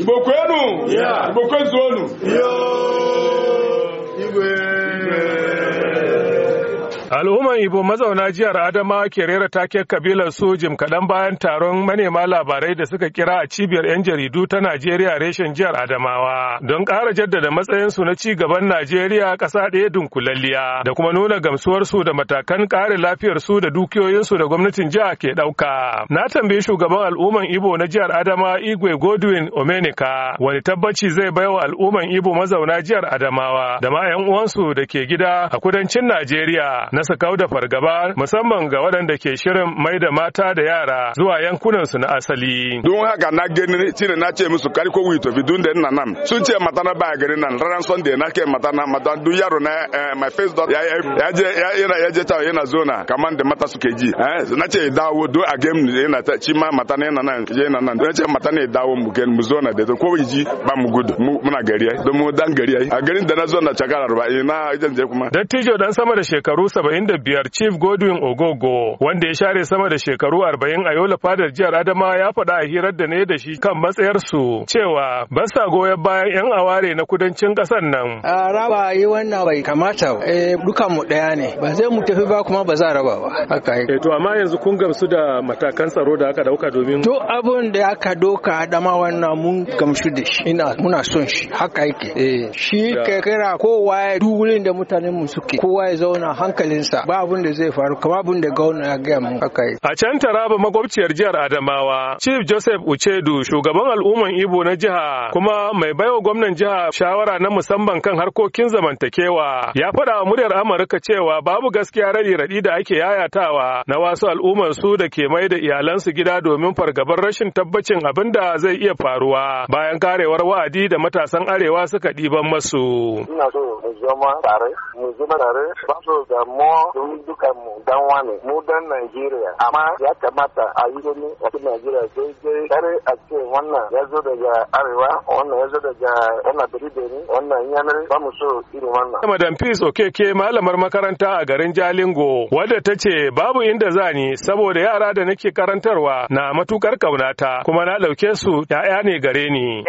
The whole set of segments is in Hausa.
Igbo kwenu! Igbo kwezuonu! Igwe! Al'umman Ibo mazauna jihar Adama ke rera take kabilar su jim kaɗan bayan taron manema labarai da suka kira a cibiyar 'yan jaridu ta Najeriya reshen jihar Adamawa don ƙara jaddada matsayinsu na ci gaban Najeriya ƙasa ɗaya dunkulalliya da kuma nuna gamsuwarsu da matakan ƙare lafiyarsu da dukiyoyinsu da gwamnatin jiha ke ɗauka. Na tambayi shugaban al'umman Ibo na jihar Adama Igwe Godwin Omenika wani tabbaci zai baiwa al'umman Ibo mazauna jihar Adamawa da ma 'yan uwansu da ke gida a kudancin Najeriya na su kawo da fargaba musamman ga waɗanda ke shirin mai da mata da yara zuwa yankunan su na asali. Don haka na gani shine na ce musu kari ko wuyi tofi dun da ina nan sun ce mata na baya gari nan ranar Sunday na ke mata na mata dun yaro na eh, my face dot ya je yana ya je ta yana zona kaman da mata suke ji. Eh, na ce dawo do a game yana ta ci ma mata na yana nan yana nan. Na ce mata ne dawo mu mu zona da ko ji ba mu gudu muna gari ai don mu dan gari ai a garin da na zona cakar arba ina idan je kuma. Dattijo dan sama da shekaru 70 65 Chief Godwin Ogogo wanda ya share sama da shekaru 40 a Yola fadar jihar adamawa ya faɗa a hirar da ne da shi kan matsayarsu cewa ba sa goyon bayan 'yan aware na kudancin ƙasar nan. A raba yi wannan bai kamata eh dukan mu ɗaya ne ba zai mu tafi ba kuma ba za raba ba. Haka yi. Eh, to amma yanzu kun gamsu da matakan tsaro da aka dauka domin. To, abin da aka doka Adama wannan mun gamsu da shi ina muna son shi haka yake. Eh shi kai kira kowa ya duk da mutanen mu suke kowa ya zauna hankalin sa ba abun da zai faru kuma abun da gauna ya gaya mun haka yi. A can Taraba makwabciyar jihar Adamawa Chief Joseph Uchedu shugaban al'umman Ibo na jiha kuma mai baiwa gwamnan jiha shawara na musamman kan harkokin zamantakewa ya faɗa wa muryar Amurka cewa babu gaskiya raɗi radi da ake yayatawa na wasu al'umman su da ke mai da iyalansu gida domin fargabar rashin tabbacin abin da zai iya faruwa bayan karewar wa'adi da matasan arewa suka ɗiban masu. Ina so mu zama tare, mu zama tare, ba so damuwa damuwa domin dukan mu dan wani. mu dan Najeriya amma ya kamata a yi gani wasu Najeriya daidai kare a ce wannan ya zo daga arewa wannan ya zo daga wannan biribiri wannan yanar ba mu so irin wannan. Madam Peace Okeke malamar makaranta a garin Jalingo wadda ta ce babu inda za ni saboda yara da nake karantarwa na matukar kaunata kuma na ɗauke su ya'ya ne gare ni.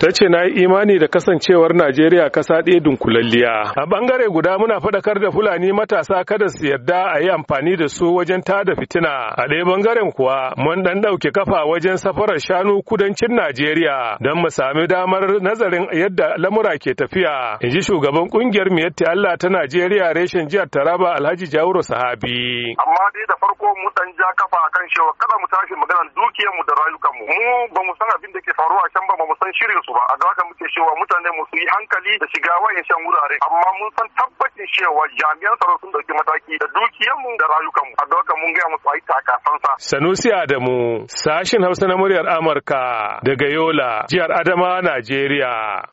Ta ce na yi imani da kasance cewar Najeriya kasa ɗaya dunkulalliya. A bangare guda muna faɗakar da Fulani matasa kada su yarda a yi amfani da su wajen tada fitina. A ɗaya bangaren kuwa mun ɗan dauke kafa wajen safarar shanu kudancin Najeriya don mu sami damar nazarin yadda lamura ke tafiya. In ji shugaban ƙungiyar Miyatti Allah ta Najeriya reshen jihar Taraba Alhaji Jawuro Sahabi. Amma dai da farko mu ɗan ja kafa kan cewa kada mu tashi maganar dukiyarmu da rayukanmu. Mu ba mu san abin da ke faruwa can ba ba mu san shirin su ba. A ga haka muke cewa mutane mu su yi hankali da shiga wayancan wurare amma mun san tabbacin cewa jami'an tsaro sun dauki mataki da dukiyarmu da rayukanmu a dauka mun gaya musu a yi takasansa. Sanusi Adamu sashin Hausa na muryar Amurka daga Yola jihar Adama Najeriya.